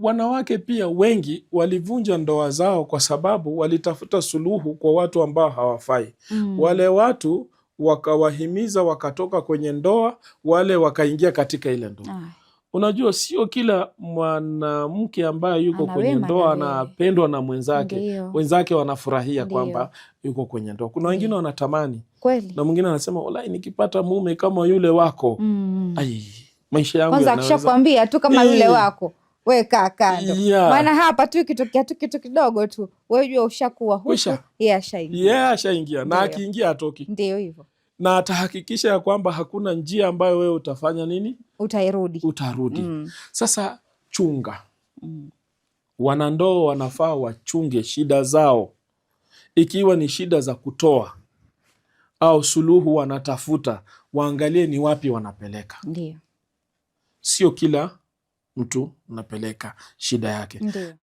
wanawake pia wengi walivunja ndoa zao kwa sababu walitafuta suluhu kwa watu ambao hawafai. Mm. Wale watu wakawahimiza wakatoka kwenye ndoa, wale wakaingia katika ile ndoa. Ah. Unajua, sio kila mwanamke ambaye yuko Anawema kwenye ndoa anapendwa na mwenzake. Ndiyo. Wenzake wanafurahia kwamba yuko kwenye ndoa. Kuna wengine wanatamani kweli, na mwingine anasema walai, nikipata mume kama yule wako, mm. ai, maisha yangu kwanza, akishakwambia tu kama yule wako we kando yeah. Maana hapa tu ikitokea tu kitu kidogo tu wewe jua ushakuwa yeye ashaingia, ashaingia na akiingia atoki, ndio hivyo na atahakikisha ya kwamba hakuna njia ambayo wewe utafanya nini, utairudi, utarudi mm. Sasa chunga mm. Wanandoa wanafaa wachunge shida zao, ikiwa ni shida za kutoa au suluhu wanatafuta, waangalie ni wapi wanapeleka, ndio sio kila mtu unapeleka shida yake. Ndiyo.